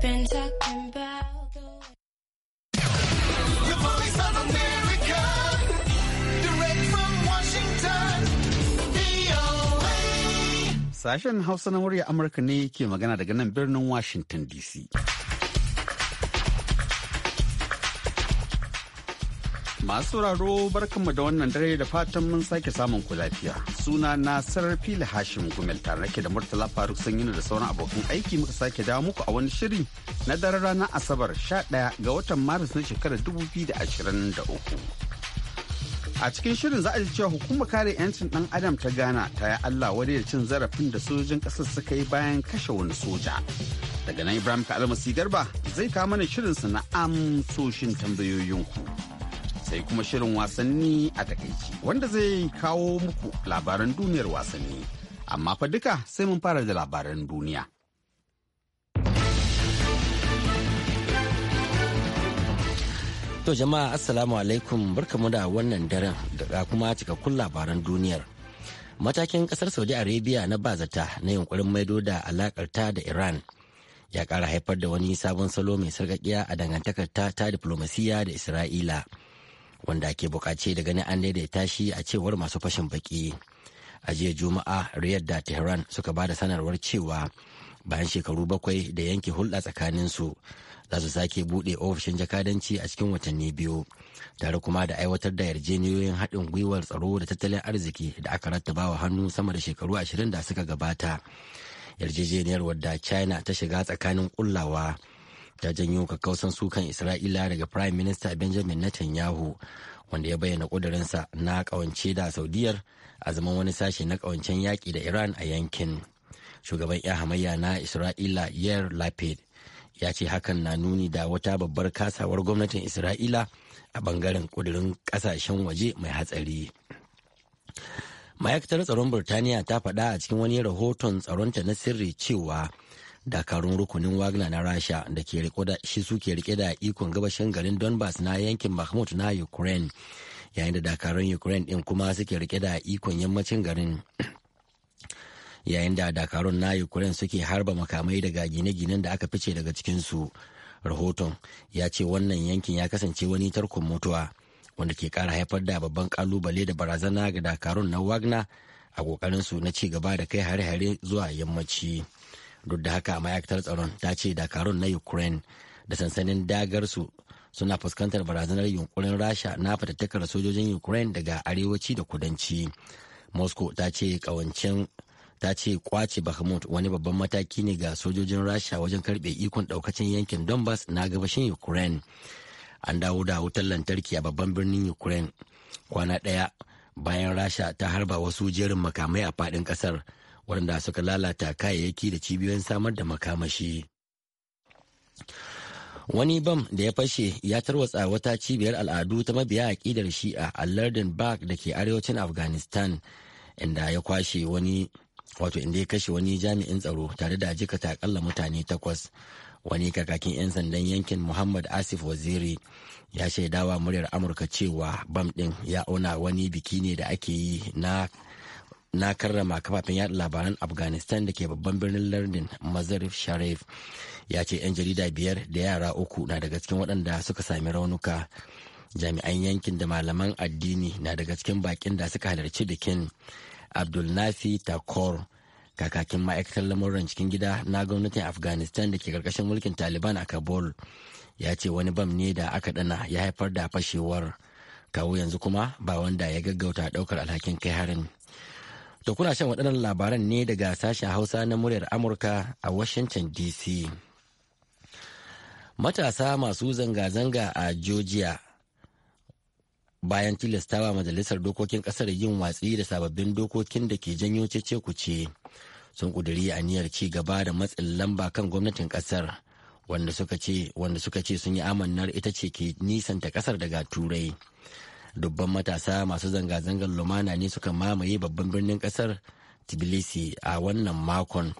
Been talking about the voice of America, direct from Washington, Sashen Hausa na murya Amurka ne ke magana daga nan birnin Washington DC. Masu sauraro barkanmu da wannan dare da fatan mun sake samun ku lafiya. Suna na sarar fili Hashim Gumel tare nake da Murtala Faruk Sanyina da sauran abokan aiki muka sake dawo muku a wani shiri na daren ranar Asabar 11 ga watan Maris na shekarar 2023. a cikin shirin za a ji cewa hukumar kare 'yancin ɗan adam ta ghana ta yi allah wani da cin zarafin da sojojin ƙasar suka yi bayan kashe wani soja daga nan ibrahim Kalmasi garba zai kawo mana shirinsa na amsoshin tambayoyinku sai kuma shirin wasanni a takaici wanda zai kawo muku labaran duniyar wasanni. Amma fa duka sai mun fara da labaran duniya. To jama'a assalamu alaikum barkamu da wannan daren da kuma cikakkun labaran duniyar. Matakin kasar Saudi Arabia na bazata na yunkurin maido da alakar ta da Iran ya kara haifar da wani sabon salo mai sarkakiya a dangantakar ta ta diplomasiya da Isra'ila. wanda ake bukaci da ni an daidaita shi a cewar masu fashin baki a jiya juma'a riyad da tehran suka ba da sanarwar cewa bayan shekaru bakwai da yanke hulɗa tsakaninsu za su sake buɗe ofishin jakadanci a cikin watanni biyu tare kuma da aiwatar da yarjejeniyoyin haɗin gwiwar tsaro da tattalin arziki da aka rattaba wa hannu sama da shekaru ashirin da suka gabata yarjejeniyar wadda china ta shiga tsakanin kullawa ta janyo kakkausan sukan isra'ila daga prime minister benjamin netanyahu wanda ya bayyana ƙudurinsa na kawance da saudiyar a zaman wani sashe na kawancen yaƙi da iran a yankin shugaban 'yan hamayya na isra'ila yair lapid ya ce hakan na nuni da wata babbar kasawar gwamnatin isra'ila a bangaren ƙudurin ƙasashen waje mai hatsari ma'aikatar tsaron burtaniya ta faɗa a cikin wani rahoton tsaronta na sirri cewa dakarun rukunin wagner na rasha da ke riko da shi suke rike da ikon gabashin garin donbass na yankin mahmud na ukraine yayin da dakarun ukraine din kuma suke rike da ikon yammacin garin yayin da dakarun na ukraine suke harba makamai daga gine-ginen da aka fice daga cikinsu rahoton ya ce wannan yankin ya kasance wani tarkon mutuwa wanda ke kara haifar da babban kalubale da barazana ga dakarun na wagner a kokarin su na ci gaba da kai hare-hare zuwa yammaci. duk da haka ma'aikatar tsaron ta ce dakarun na ukraine da sansanin dagarsu suna fuskantar barazanar yunkurin rasha na fatattakar sojojin ukraine daga arewaci da kudanci moscow ta ce kawancin ta ce kwace bahmut wani babban mataki ne ga sojojin rasha wajen karbe ikon daukacin yankin donbass na gabashin ukraine an dawo da wutar lantarki a babban birnin ukraine kwana daya bayan rasha ta harba wasu jerin makamai a faɗin ƙasar waɗanda suka lalata kayayyaki da cibiyoyin samar da makamashi. Wani bam da ya fashe ya tarwatsa wata cibiyar al'adu ta mabiya aƙidar shi'a a lardin Bak da ke arewacin Afghanistan inda ya kwashe wani wato inda ya kashe wani jami'in tsaro tare da jikata akalla mutane takwas. Wani kakakin 'yan sandan yankin Muhammad Asif Waziri ya shaidawa muryar Amurka cewa bam ɗin ya auna wani biki ne da ake yi na na karrama kafafen yada labaran afghanistan da ke babban birnin lardin mazarif sharif ya ce 'yan jarida biyar da yara uku na daga cikin waɗanda suka sami raunuka jami'an yankin da malaman addini na daga cikin bakin da suka halarci bikin abdulnafi takor kakakin ma'aikatar lamuran cikin gida na gwamnatin afghanistan da ke karkashin mulkin taliban a kabul ya ce wani bam ne da aka dana ya haifar da fashewar kawo yanzu kuma ba wanda ya gaggauta daukar alhakin kai harin To kuna shan waɗannan labaran ne daga sashen Hausa na muryar Amurka a Washington DC. Matasa masu zanga-zanga a Georgia bayan tilastawa majalisar dokokin ƙasar yin watsi da sababbin dokokin da ke janyo cece kuce sun a aniyar ci gaba da matsin lamba kan gwamnatin ƙasar wanda suka ce sun yi amannar ita ce ke nisanta ƙasar daga turai. dubban matasa masu zanga-zangar lumana ne suka mamaye babban birnin kasar tbilisi a wannan makon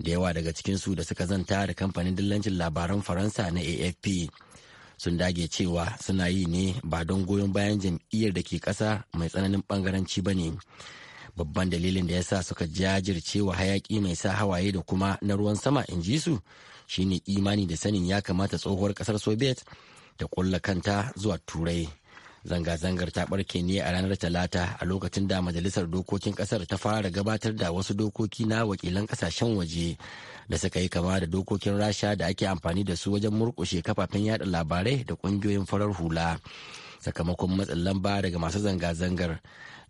da yawa daga cikinsu da suka zanta da kamfanin dillancin labaran faransa na afp sun dage cewa suna yi ne ba don goyon bayan jam'iyyar da ke ƙasa mai tsananin bangaranci ba ne babban dalilin da ya sa suka jajircewa hayaƙi mai sa hawaye da kuma na ruwan sama in ji su shine imani da sanin ya kamata tsohuwar ƙasar soviet ta ƙulla kanta zuwa turai zanga-zangar ta barke ne a ranar talata a lokacin da majalisar dokokin kasar ta fara gabatar da wasu dokoki na wakilan kasashen waje da suka yi kama da dokokin rasha da ake amfani da su wajen murkushe kafafen yada labarai da kungiyoyin farar hula sakamakon matsin lamba daga masu zanga-zangar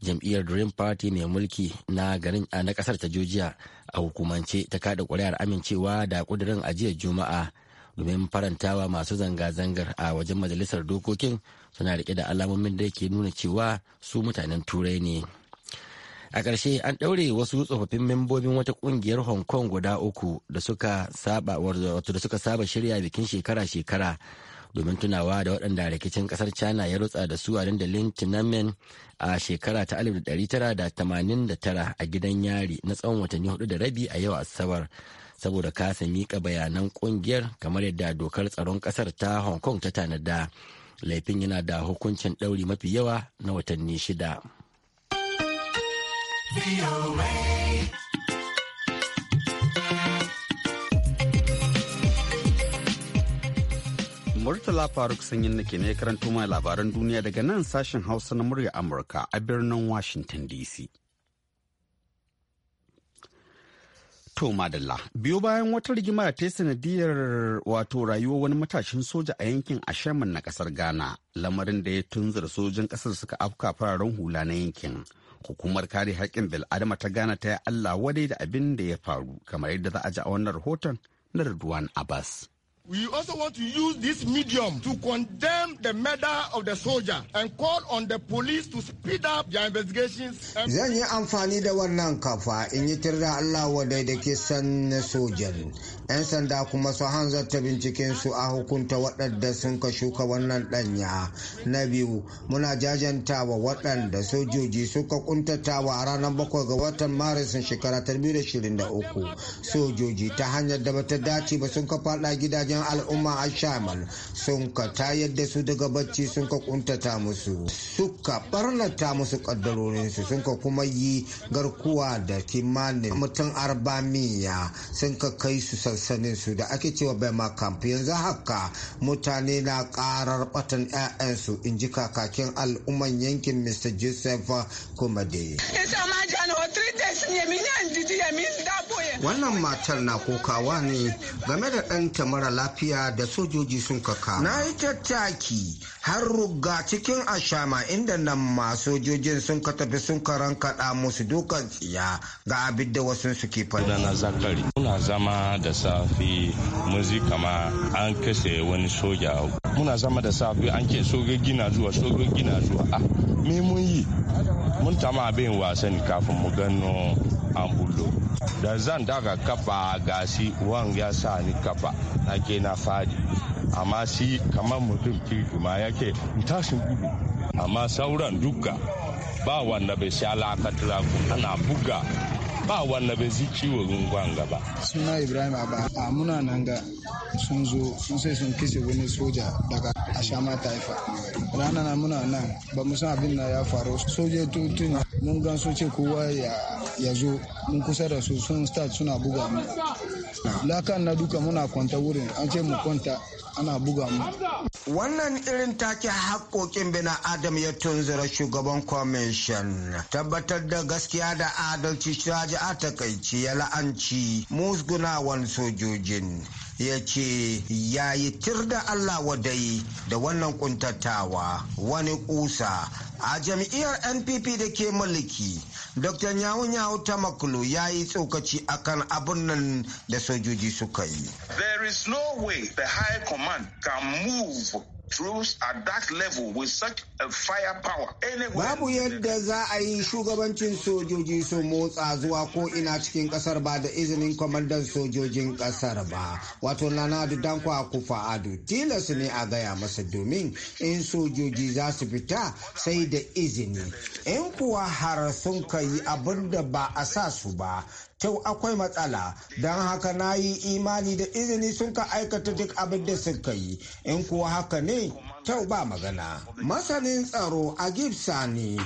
jam'iyyar dream party mai mulki na garin na kasar ta georgia a hukumance ta kada kuri'ar amincewa da kudirin ajiyar juma'a domin farantawa masu zanga-zangar a wajen majalisar dokokin suna rike da alamomin da ke nuna cewa su mutanen turai ne a ƙarshe an ɗaure wasu tsofaffin membobin wata ƙungiyar hong kong guda uku da suka saba da suka saba shirya bikin shekara-shekara domin tunawa da waɗanda rikicin ƙasar china ya rutsa da su a dandalin tiananmen a shekara ta 1989 a gidan yari na tsawon watanni hudu da rabi a yau asabar saboda kasa miƙa bayanan ƙungiyar kamar yadda dokar tsaron ƙasar ta hong kong ta tanada laifin yana da hukuncin ɗauri mafi yawa na watanni shida. Murtala Faruk sanyin nake ne karanto mai labaran duniya daga nan sashen Hausa na murya Amurka a birnin Washington DC. To madalla biyo bayan wata rigima da ta yi sanadiyar wato rayuwar wani matashin soja a yankin Ashaman na kasar Ghana lamarin da ya tunzura sojin kasar suka afka fararen hula na yankin. Hukumar kare haƙƙin bil'adama ta Ghana ta yi Allah wadai da abin da ya faru kamar yadda za a ji a wannan rahoton na Radwan Abbas. We also want to use this medium to condemn the murder of the soldier and call on the police to speed up their investigations. Zan yi amfani da wannan kafa in yi tirda Allah wadai da 'yan sanda kuma su hanzarta binciken su a hukunta waɗanda sun ka shuka wannan ɗanya na biyu muna jajanta wa waɗanda sojoji suka kuntatawa a ranar bakwai ga watan maris shekara ta 2023 sojoji ta hanyar da bata dace ba sun ka faɗa gidajen al'umma a shamal sun ka tayar da su daga bacci sun ka kuntata musu suka ɓarnata musu kaddarorinsu sun ka kuma yi garkuwa da kimanin mutum miya sun ka kai su sansanin su da ake cewa bema camp yanzu haka mutane na karar batan 'ya'yansu in ji kakakin al'umman yankin mr joseph komade wannan matar na kokawa ne game da ɗanta mara lafiya da sojoji sun kaka na yi tattaki har ruga cikin ashama inda nan ma sojojin sun ka tafi sun karan kaɗa musu dukan tsiya ga abin da wasu suke fada na zakari muna zama da safi muzi kama an kashe wani soja muna zama da safi an ke sojoji na zuwa sojoji na zuwa ah, me mun yi mun tama abin wasan kafin mu gano an bullo da zan daga kafa gasi wan ya sa ni kafa ke na fadi amma si kamar mutum kirki ma yake tashin gudu amma sauran duka ba wanda bai sha lakatura ana buga ba wanda bai ji ciwo gungun gaba. suna ibrahim abba a muna nan ga sun zo sun sai sun kise wani soja daga ashama taifa rana na muna nan ba mu san abin na ya faru soja tutun mun gan so ce kowa ya zo mun kusa da su sun start suna buga mu lakan na duka muna kwanta wurin an ce mu kwanta ana buga mu wannan irin take haƙoƙin bina adam ya tunzura shugaban kwamishin tabbatar da gaskiya da adalci shaji a takaici ya la'anci musgunawan sojojin ya ce ya yi tir da Allah wadai da wannan kuntatawa wani kusa a jam'iyyar npp da ke mulki dr nyawu nyawu tamakulu ya yi tsokaci akan abun nan da sojoji suka yi there is no way the high command can move level a Babu yadda za a yi shugabancin sojoji su motsa zuwa ko ina cikin kasar ba da izinin kwamandan sojojin kasar ba. Wato Nana Danko kufa Ado tilas ne a gaya masa domin in sojoji za su fita sai da izini. In kuwa har sun kai abin da ba a sa su ba to akwai matsala don haka na yi imani da izini sun ka aikata duk abin da suka yi in kuwa haka ne kyau ba magana masanin tsaro a ne,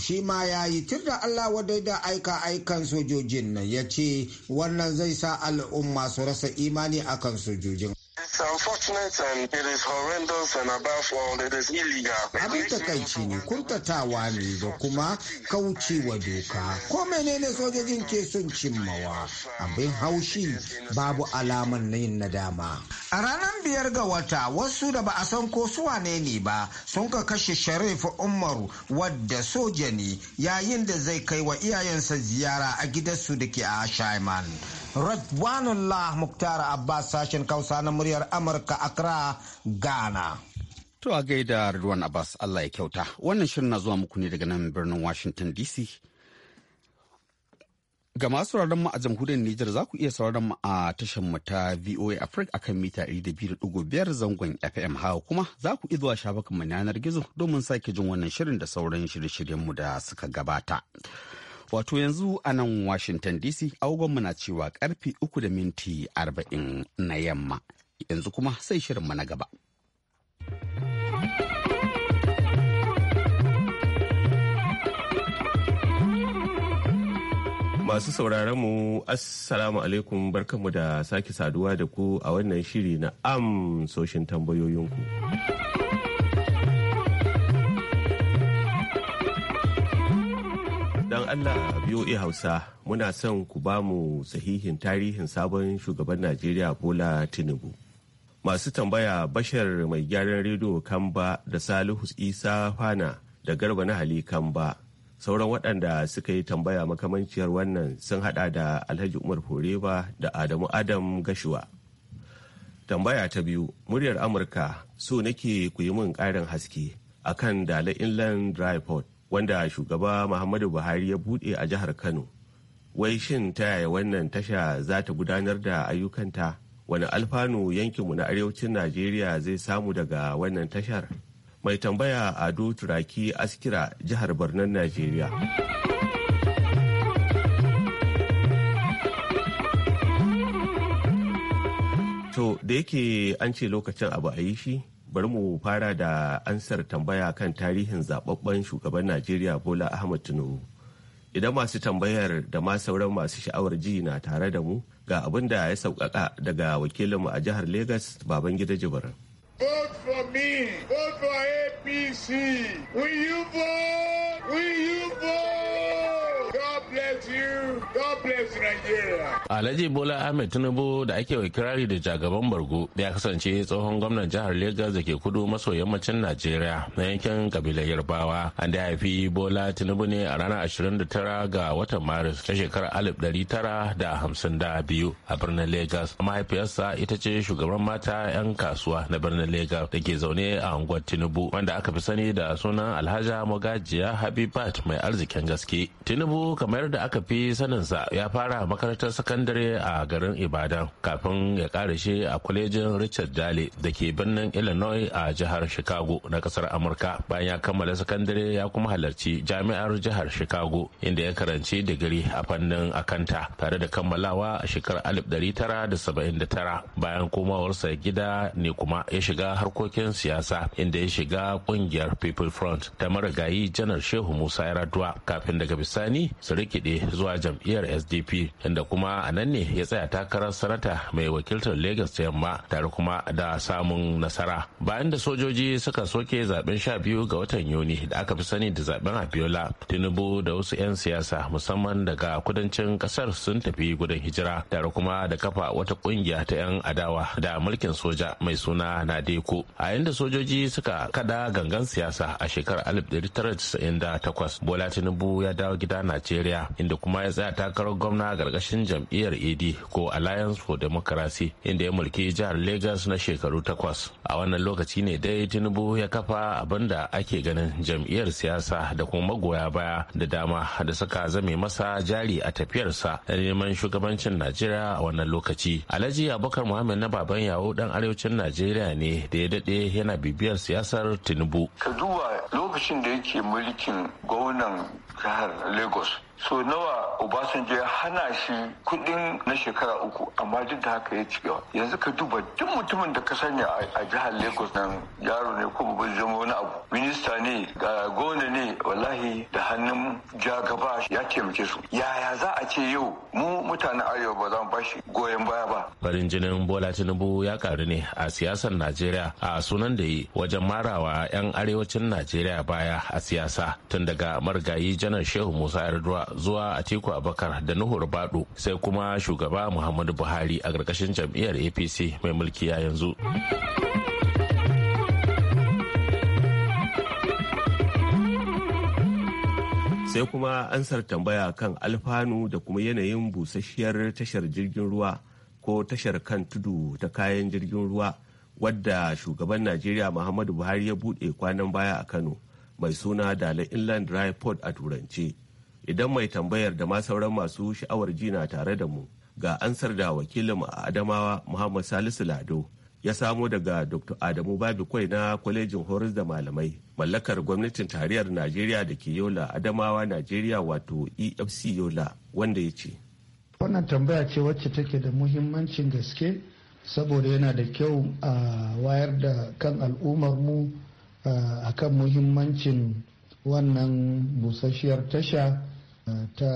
shi ma ya yi tun da Allah wadai da aika aikan sojojin nan ya ce wannan zai sa al'umma su rasa imani akan sojojin Abin takaici ne, kuntatawa ne da kuma wa doka. Ko menene sojojin ke son cimmawa? Abin haushi babu alaman na yin nadama. A ranar biyar ga wata wasu da ba a san ko suwa ne ne ba sun ka kashe Sharif Umaru wadda soja ne yayin da zai kai wa iyayensa ziyara a gidansu da ke a Shaiman. Radwanullah Muktar Abbas sashen Kausa na muryar Amurka Accra, Ghana. To a gaida Radwan Abbas Allah ya kyauta. Wannan shirin na zuwa muku ne daga nan birnin Washington DC. Ga masu sauraron mu a jamhuriyar Nijar za ku iya sauraron mu a tashar mu ta VOA Africa akan mita 200.5 zangon FM hawa kuma za ku iya zuwa shafukan mu yanar gizo domin sake jin wannan shirin da sauran shirye-shiryen mu da suka gabata. Wato yanzu a nan Washington DC agogon na cewa karfe uku da minti arba'in na yamma. Yanzu kuma sai shirinmu na gaba. Masu sauraron mu Assalamu alaikum barkanmu da sake saduwa da ku a wannan shiri na amsoshin tambayoyinku. Allah BOA Hausa muna son ku ba mu sahihin tarihin sabon shugaban Najeriya Bola Tinubu. Masu tambaya bashar mai gyaran rediyo Kamba da Salihu Isa Fana da Garba na Hali Kamba. Sauran waɗanda suka yi tambaya makamanciyar wannan sun haɗa da Alhaji Umar Horeba da Adamu Adam Gashuwa. Tambaya ta biyu, muryar Amurka so nake ku yi min ƙarin haske akan Dala Inland Dry Port. wanda shugaba muhammadu buhari ya buɗe a jihar kano wai shin ta yaya wannan tasha za ta gudanar da ayyukanta wani alfanu yankinmu na arewacin najeriya zai samu daga wannan tashar mai tambaya ado turaki askira jihar barnan najeriya to da yake an ce lokacin abu a yi shi bari mu fara da ansar tambaya kan tarihin zababben shugaban najeriya bola ahmad tinubu idan masu tambayar da ma sauran masu sha'awar ji na tare da mu ga abin da ya sauƙaƙa daga wakilinmu a jihar lagos babangida jibirin Vote for me. Vote for APC. Will you vote? Will you vote? bless Alhaji Bola Ahmed Tinubu da ake wa kirari da jagaban bargo ya kasance tsohon gwamnan jihar Legas da ke kudu maso yammacin Najeriya na yankin kabilar Yarbawa. An da haifi Bola Tinubu ne a ranar 29 ga watan Maris ta shekarar 1952 a birnin Legas. Mahaifiyarsa ita ce shugaban mata 'yan kasuwa na birnin Legas da ke zaune a unguwar Tinubu wanda aka fi sani da sunan Alhaja Magajiya Habibat mai arzikin gaske. Tinubu kamar kamar da aka fi saninsa ya fara makarantar sakandare a garin ibadan kafin ya karashe a kwalejin richard dale da ke birnin illinois a jihar chicago na kasar amurka bayan ya kammala sakandare ya kuma halarci jami'ar jihar chicago inda ya karanci digiri a fannin akanta tare da kammalawa a shekarar 1979 bayan komawarsa gida ne kuma ya shiga harkokin siyasa inda ya shiga kungiyar people front ta marigayi janar shehu musa yaraduwa kafin daga bisani su rikide zuwa jam'iyyar sdp inda kuma a nan ne ya tsaya takarar sanata mai wakiltar lagos ta yamma tare kuma da samun nasara bayan da sojoji suka soke zaben sha biyu ga watan yuni da aka fi sani da zaben abiola tinubu da wasu 'yan siyasa musamman daga kudancin kasar sun tafi gudan hijira tare kuma da kafa wata kungiya ta 'yan adawa da mulkin soja mai suna nadeko a inda sojoji suka kada gangan siyasa a shekarar 1998 bola tinubu ya dawo gida najeriya inda kuma ya tsaya takarar gwamna a gargashin jam'iyyar ad ko alliance for democracy inda ya mulki jihar lagos na shekaru takwas a wannan lokaci ne dai tinubu ya kafa abin da ake ganin jam'iyyar siyasa da kuma magoya baya da dama da suka zame masa jari a tafiyarsa da neman shugabancin najeriya a wannan lokaci alhaji abubakar muhammad na baban yawo dan arewacin najeriya ne da ya dade yana bibiyar siyasar tinubu ka duba lokacin da yake mulkin gwamnan jihar lagos so nawa obasanjo ya hana shi kudin na shekara uku amma duk da haka ya ci gaba yanzu ka duba duk mutumin da ka sanya a jihar lagos nan yaro ne ko babban zama wani abu minista ne ga gona ne wallahi da hannun ja gaba ya taimake su yaya za a ce yau mu mutanen arewa ba za mu shi goyon baya ba farin jinin bola tinubu ya karu ne a siyasar najeriya a sunan da yi wajen marawa yan arewacin najeriya baya a siyasa tun daga marigayi janar shehu musa yarduwa zuwa a Atiku Abakar da Nuhur Bado sai kuma shugaba Muhammadu Buhari a karkashin jam'iyyar APC mai mulki ya yanzu. sai kuma ansar tambaya kan alfanu da kuma yanayin busasshiyar tashar jirgin ruwa ko tashar kan tudu ta kayan jirgin ruwa wadda shugaban najeriya muhammadu buhari ya buɗe kwanan baya a kano mai suna dala inland dry port a turance idan mai tambayar da ma sauran masu sha'awar jina tare da mu ga ansar da wakilin a adamawa muhammad salisu lado ya samo daga dr adamu kwai na kwalejin horis da malamai mallakar gwamnatin tarayyar najeriya da ke yola adamawa najeriya wato efc yola wanda ya ce wannan tambaya ce wacce take da muhimmancin gaske saboda yana da kyau a wayar da kan al'ummar mu a kan muhimmancin wannan busasshiyar tasha ta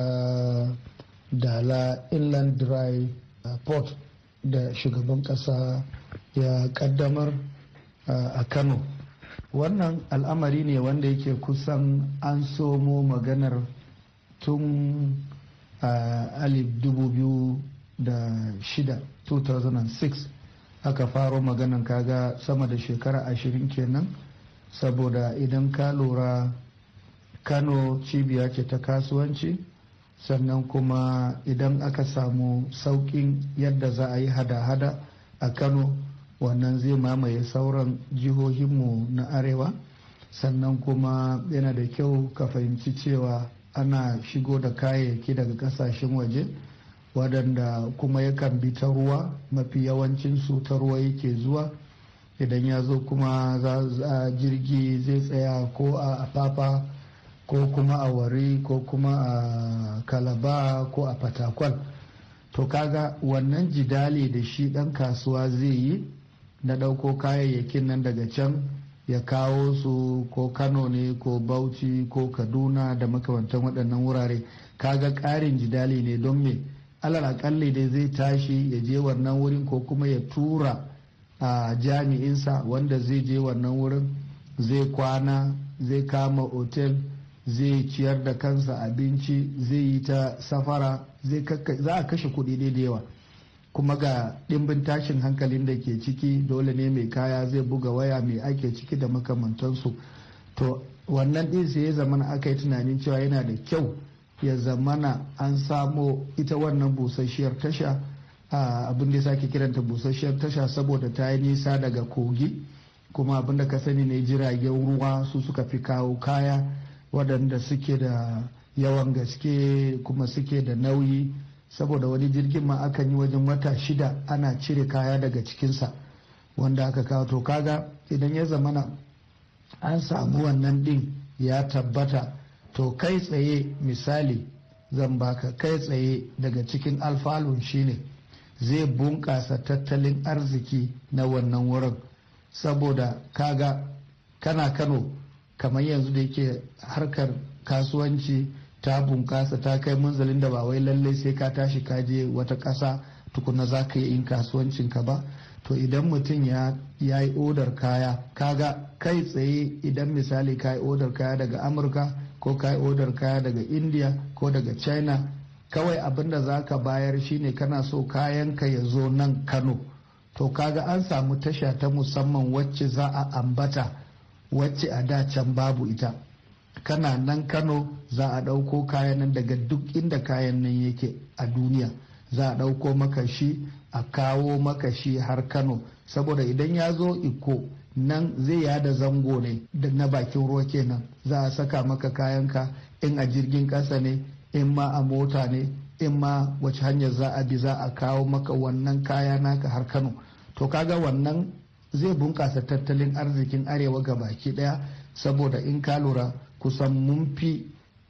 dala inland dry uh, port da shugaban kasa ya kaddamar uh, a kano wannan al'amari ne wanda yake kusan an somo maganar tun a uh, alif dubu biyu da shida 2006 aka faro maganan kaga sama da shekara ashirin kenan saboda idan ka lura kano cibiya ce ta kasuwanci sannan kuma idan aka samu saukin yadda za a yi hada-hada a kano wannan zai mamaye sauran jihohinmu na arewa sannan kuma yana da kyau ka fahimci cewa ana shigo da kayayyaki daga kasashen waje waɗanda kuma yakan bi ta ruwa mafi yawancinsu ta ruwa yake zuwa idan ya zo kuma za jirgi zai tsaya ko a fafa ko kuma a wari ko kuma a kalaba ko a fatakwal to kaga wannan jidali da shi dan kasuwa zai yi na dauko kayayyakin nan daga can ya kawo su ko kano ne ko bauchi ko kaduna da makamantan waɗannan wurare kaga ƙarin jidali ne don me alal akalli dai zai tashi ya je wannan wurin ko kuma ya tura a jami'insa wanda zai je wannan wurin zai kwana zai kama otel zai ciyar da kansa abinci zai yi ta safara za a kashe kuɗi da yawa kuma ga ɗimbin tashin hankalin da ke ciki dole ne mai kaya zai buga waya mai ake ciki da makamantansu to wannan ɗin sai ya zamana aka yi tunanin cewa yana da kyau ya zamana an samo ita wannan busasshiyar tasha abin da ya sake kiranta busasshiyar tasha saboda ta yi nisa daga kogi kuma abin da ka sani ne jiragen ruwa su suka fi kawo kaya waɗanda suke da yawan gaske kuma suke da nauyi saboda wani jirgin ma akan yi wajen wata shida ana cire kaya daga cikinsa wanda aka kawo to kaga idan ya zamana an samu wannan din ya tabbata to kai tsaye misali zan baka kai tsaye daga cikin alfalun shine zai bunƙasa tattalin arziki na wannan wurin saboda kaga kana kano kamar yanzu da yake harkar kasuwanci ta bunkasa ta kai munzalin da ba wai lallai sai ka tashi ka je wata ƙasa tukuna za ka yi in kasuwancinka ba to idan mutum ya yi odar kaya kaga kai tsaye idan misali ka yi odar kaya daga amurka ko ka yi odar kaya daga india ko daga china kawai abin da za ka bayar shine kana so kayan ka ya zo nan kano to kaga an samu tasha ta musamman wacce za a ambata wacce a da can babu ita kana nan kano za a ɗauko kayan nan daga duk inda kayan nan yake a duniya za a ɗauko maka shi a kawo maka shi har kano saboda idan ya zo iko nan zai yada zango ne na bakin ruwa kenan za a saka maka kayanka in a jirgin ƙasa ne in ma a mota ne in ma wace hanyar za a bi za a kawo maka wannan kaya naka har kano to kaga wannan zai bunkasa tattalin arzikin arewa ga baki daya saboda in ka lura kusan mun fi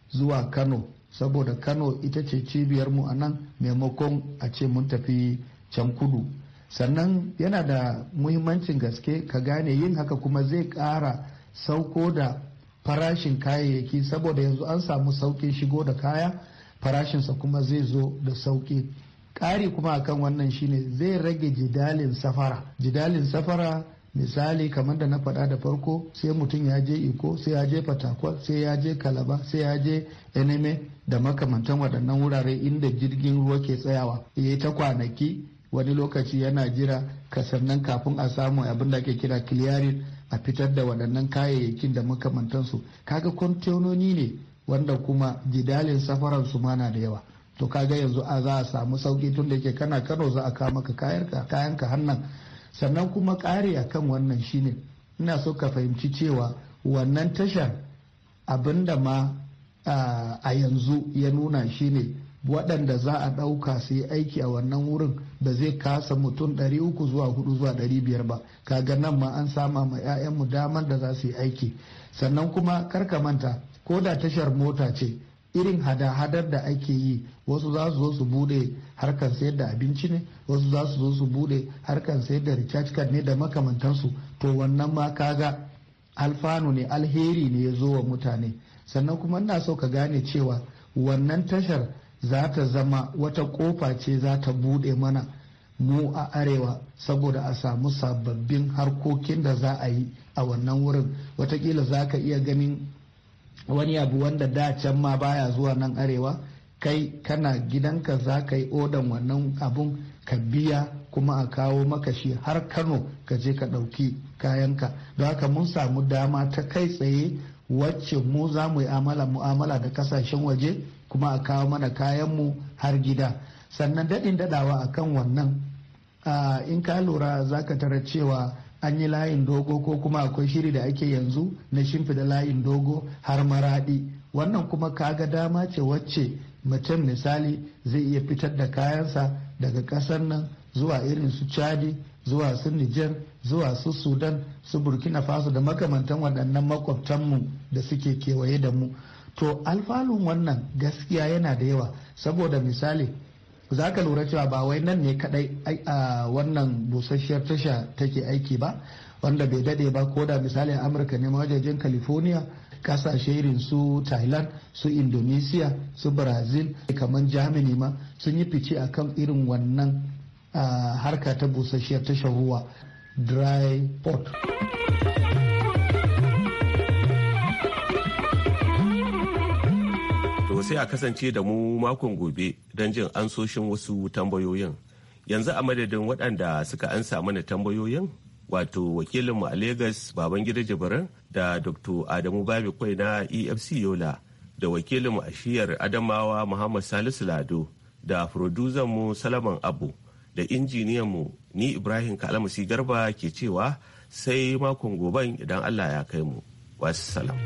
zuwa kano saboda kano ita ce cibiyarmu a nan maimakon a ce mun tafi can kudu sannan yana da muhimmancin gaske ka gane yin haka kuma zai kara sauko da farashin kayayyaki saboda yanzu an samu saukin shigo da kaya farashinsa kuma zai zo da sauƙi ƙari kuma akan wannan shine zai rage jidalin safara jidalin safara misali kamar da na faɗa da farko sai mutum ya je iko sai ya je fatakwal sai ya je kalaba sai ya je eneme da makamantan waɗannan wurare inda jirgin ruwa ke tsayawa ya ta kwanaki wani lokaci yana jira kasannan kafin a samu abin da ake kira kiliyarin a fitar da waɗannan kayayyakin da makamantansu kaga kwantenoni ne wanda kuma jidalin safaran su mana da yawa to kaga yanzu a za a samu sauki tun da ke kana kano za a kawo maka kayanka kayanka hannan sannan kuma kare a kan wannan shine ina so ka fahimci cewa wannan tashar abinda ma a yanzu ya nuna shine waɗanda za a ɗauka su yi aiki a wannan wurin da zai kasa mutum 300 zuwa 4 zuwa 500 ba kaga nan ma an sama ma 'ya'yanmu damar da za su yi aiki sannan kuma karka manta ko da tashar mota ce irin hada-hadar da ake yi wasu za su zo su bude harkar sayar da abinci ne wasu za su zo su bude harkar sayar da recharge ne da makamantansu to wannan ma kaga alfanu ne alheri ne ya zo wa mutane sannan kuma ina so ka gane cewa wannan tashar za ta zama wata kofa ce za ta bude mana mu a arewa saboda a samu sababbin harkokin da za a yi a wannan wurin watakila za ka iya ganin wani abu wanda da can ma baya zuwa nan arewa kai kana gidanka za ka yi odan wannan abun ka biya kuma a kawo maka shi har kano ka je ka ɗauki kayanka don haka mun samu dama ta kai tsaye wacce mu za mu yi mu'amala da kasashen waje kuma a kawo mana kayanmu har gida sannan daɗin daɗawa a kan wannan in ka lura za ka tara cewa an yi layin dogo ko kuma akwai shiri da ake yanzu na shimfida layin dogo har maraɗi wannan kuma kaga dama ce wacce mutum misali zai iya fitar da kayansa daga ƙasar nan zuwa irin su chadi zuwa su niger zuwa su sudan su burkina faso da makamantan waɗannan makwabtanmu da suke kewaye da mu to alfalun wannan gaskiya yana da yawa saboda misali za ka lura cewa ba wai nan ne kadai a wannan busasshiyar tasha take aiki ba wanda bai dade ba ko da misali amurka ne wajajen california kasashe irin su thailand su indonesia su brazil kamar germany ma sun yi fice akan irin wannan harka ta busasshiyar tashar ruwa dry port sai a kasance da mu makon gobe don jin ansoshin wasu tambayoyin. Yanzu a madadin waɗanda suka ansa mana tambayoyin wato wakilinmu a Legas Babangida Jibirin da Dr. Adamu Babi Kwai na EFC Yola da wakilinmu a shiyar Adamawa Muhammad Salisu Lado da mu Salaman Abu da injiniyan mu ni Ibrahim Kalamusi Garba ke cewa sai makon goben idan Allah ya kai mu. Wasu salam.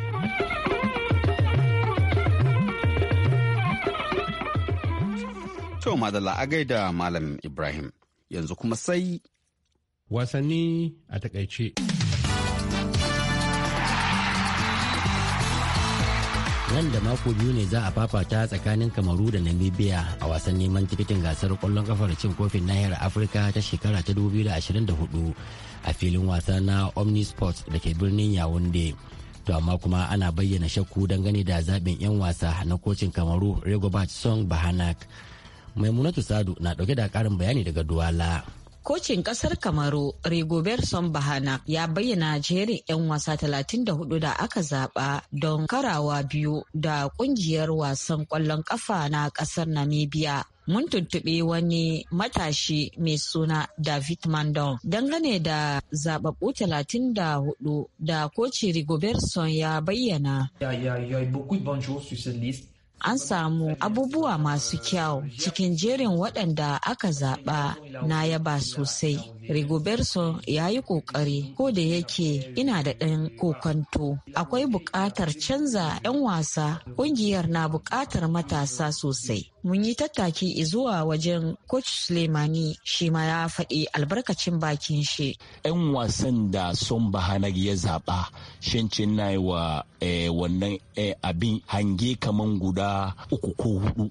To madalla a gaida Malam Ibrahim yanzu kuma sai. Wasanni a takaice. nan da mako biyu ne za a fafata tsakanin kamaru da namibia a wasan neman tikitin gasar kwallon kafar cin kofin nahiyar afirka ta shekara ta 2024 a filin wasa na Sports da ke birnin yawunde to amma kuma ana bayyana shakku dangane da zaɓin 'yan wasa na kocin kamaru rigobert song bahanak Maimunatu Sadu na dauke da karin bayani daga Duwala. Kocin kasar Kamaru Rigobertson Bahana ya bayyana jerin 'yan wasa 34 da aka zaba don karawa biyu da kungiyar wasan kwallon kafa na kasar Namibia mun tuntuɓe wani matashi mai suna David Mandon dangane da zaɓaɓɓu 34 da kocin Rigobertson ya bayyana. Yeah, yeah, yeah, an samu abubuwa masu kyau cikin jerin waɗanda aka zaɓa na yaba sosai. Rigoberto ya yi ƙoƙari ko da yake ina da ɗan kokonto. Akwai buƙatar canza 'yan wasa, ƙungiyar na buƙatar matasa sosai. Mun yi tattaki zuwa wajen Coach Suleimani shi ma ya faɗi albarkacin bakin shi. 'Yan wasan da son bahanar ya zaɓa, shincin na yi wa eh, wannan eh, abin hange kaman guda uku ko hudu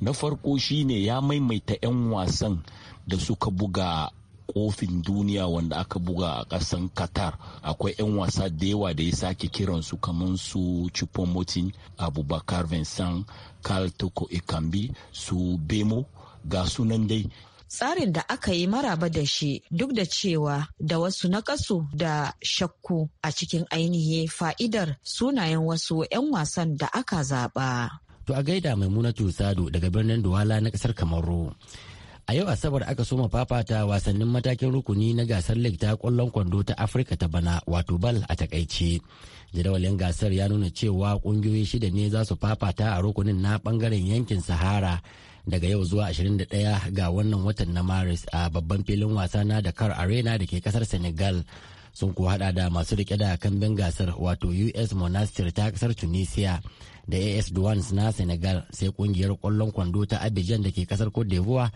na farko shine ya maimaita 'yan wasan da suka buga kofin duniya wanda aka buga a kasan qatar akwai 'yan wasa da yawa da ya sake kiransu kamar su chupomotin abubakar vincent karl toko ikambi su bemo ga sunan dai tsarin da aka yi maraba da shi duk da cewa da wasu nakasu da shakku a cikin ainihi fa'idar sunayen wasu 'yan wasan da aka zaba. To a gaida Maimunatu tusado daga birnin Duwala na kasar Kamaru. A yau Asabar aka soma fafata wasannin matakin rukuni na gasar lig ta kwallon kwando ta Afirka ta bana wato bal a takaice. Jadawalin gasar ya nuna cewa kungiyoyi shida ne za su fafata a rukunin na bangaren yankin Sahara daga yau zuwa 21 ga wannan watan na Maris a babban filin wasa na Dakar Arena da ke kasar Senegal. sun kuwa hada da masu rike da kambin gasar wato us monastir ta kasar tunisia da as duwans na senegal sai kungiyar kwallon kwando ta abidjan da ke kasar cote d'ivoire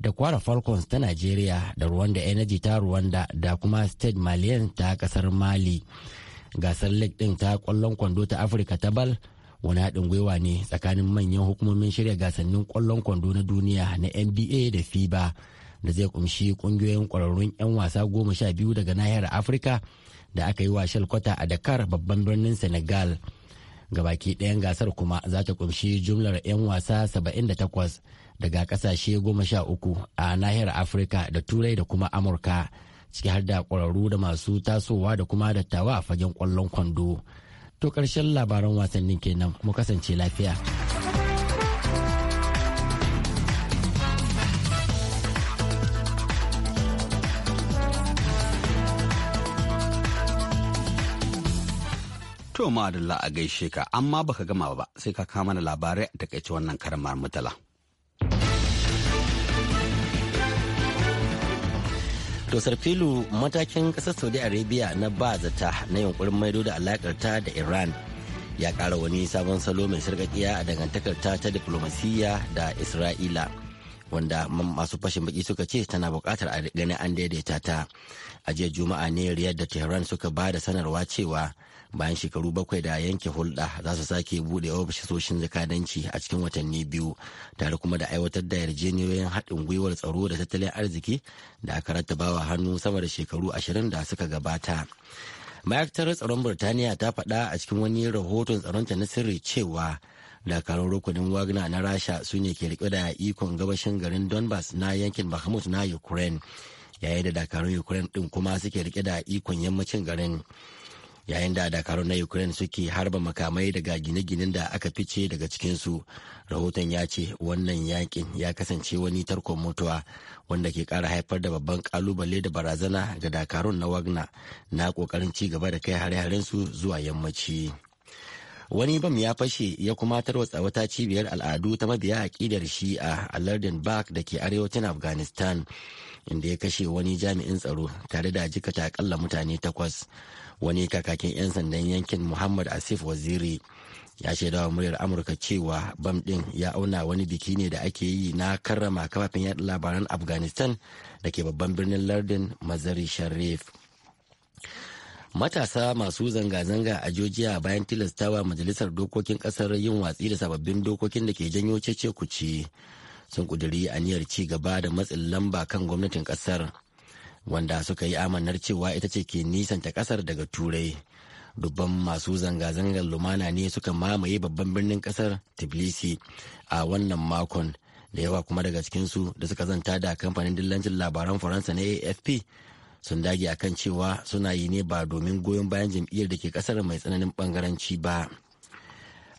da kwara falcons ta nigeria da rwanda energy ta rwanda da kuma state malian ta kasar mali gasar league din ta kwallon kwando ta afirka ta bal wani haɗin gwiwa ne tsakanin manyan hukumomin shirya gasannin kwallon kwando na duniya na nba da fiba da zai kumshi kungiyoyin kwararrun 'yan wasa goma sha biyu daga nahiyar afirka da aka yi wa shalkwata a dakar babban birnin senegal gabaki ɗayan gasar kuma za ta kumshi jumlar 'yan wasa saba'in da 78 daga kasashe goma sha uku a nahiyar afirka da turai da kuma amurka ciki har da kwararru da masu tasowa da kuma dattawa a fagen kwallon kwando to ƙarshen labaran wasannin kenan kuma kasance lafiya. To ma'adalla a gaishe ka amma baka gama ba sai ka kama mana labarai a takaice wannan karamar mutala. Dosar filu matakin kasar Saudi Arabia na ba zata na yunkurin maido da alakarta da Iran ya kara wani sabon salo mai sarkakiya a dangantakarta ta diplomasiyya da Isra'ila. Wanda masu fashin baki suka ce tana bukatar a gani an daidaita ta. A jiya Juma'a ne riyar da Tehran suka ba da sanarwa cewa bayan shekaru bakwai da yanke hulɗa za su sake buɗe ofisoshin jakadanci a cikin watanni biyu tare kuma da aiwatar da yarjejeniyoyin haɗin gwiwar tsaro da tattalin arziki da aka wa hannu sama da shekaru ashirin da suka gabata ma'aikatar tsaron burtaniya ta faɗa a cikin wani rahoton tsaronta na sirri cewa dakarun rukunin wagner na rasha su ne ke rike da ikon gabashin garin donbass na yankin bahamut na ukraine yayin da dakarun ukraine din kuma suke rike da ikon yammacin garin yayin da dakarun na ukraine suke harba makamai daga gine-ginen da aka fice daga cikinsu rahoton ya ce wannan yakin ya kasance wani tarkon mutuwa wanda ke kara haifar da babban kalubale da barazana ga dakarun na wagner na kokarin ci gaba da kai hare-harensu zuwa yammaci wani bam ya fashe ya kuma tarwatsa wata cibiyar al'adu ta mabiya aƙidar shi a lardin bak da ke arewacin afghanistan inda ya kashe wani jami'in tsaro tare da jikata akalla mutane takwas wani kakakin 'yan sandan yankin muhammad asif waziri ya shaida wa muryar amurka cewa bam din ya auna wani biki ne da ake yi na karrama kafafen yadda labaran afghanistan da ke babban birnin lardin mazari sharif matasa masu zanga-zanga a jojiya bayan tilastawa majalisar dokokin kasar yin watsi da sababbin dokokin da ke janyo cece kuci sun kuduri aniyar ci gaba da matsin lamba kan gwamnatin kasar wanda suka yi amanar cewa ita ce ke nisanta kasar daga turai dubban masu zanga-zangar lumana ne suka mamaye babban birnin kasar tbilisi a wannan makon da yawa kuma daga cikinsu da suka zanta da kamfanin dillancin labaran faransa na afp sun dage akan cewa suna yi ne ba domin goyon bayan jam'iyyar da ke kasar mai tsananin bangaranci ba.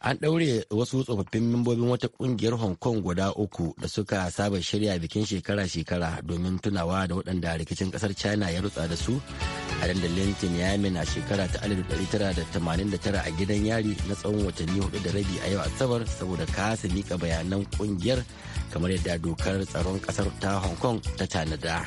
an ɗaure wasu tsofaffin membobin wata ƙungiyar hong kong guda uku da suka saba shirya bikin shekara-shekara domin tunawa da waɗanda rikicin ƙasar china ya rutsa da su a dandalin tiananmen a shekara ta 1989 a gidan yari na tsawon watanni hudu da rabi a yau asabar saboda kasa mika bayanan ƙungiyar kamar yadda dokar tsaron ƙasar ta hong kong ta tanada.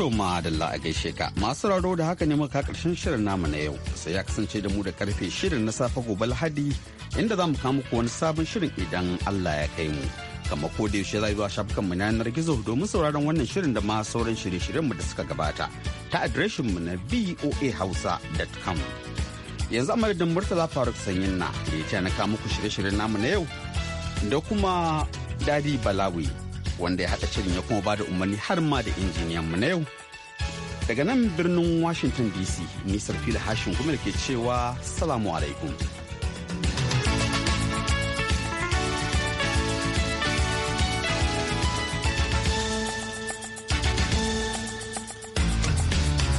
To ma da a gaishe ka masu raro da haka ne muka karshen shirin namu na yau sai ya kasance da mu da karfe shirin na safe gobe Lahadi inda za mu kama ku wani sabon shirin idan Allah ya kai mu. Kama ko da yaushe zai zuwa shafukan mu na yanar gizo domin sauraron wannan shirin da ma sauran shirye-shiryen mu da suka gabata ta adireshin mu na voahausa.com. Yanzu amma da Murtala Faruk Sanyin na ya ce na kama muku shirye-shiryen namu na yau da kuma Dadi Balawi wanda ya haɗa shirin ya kuma bada umarni har ma da injiniyan mu na yau. Daga nan birnin Washington DC, Nisar Fila Hashin kuma da ke cewa Salamu alaikum.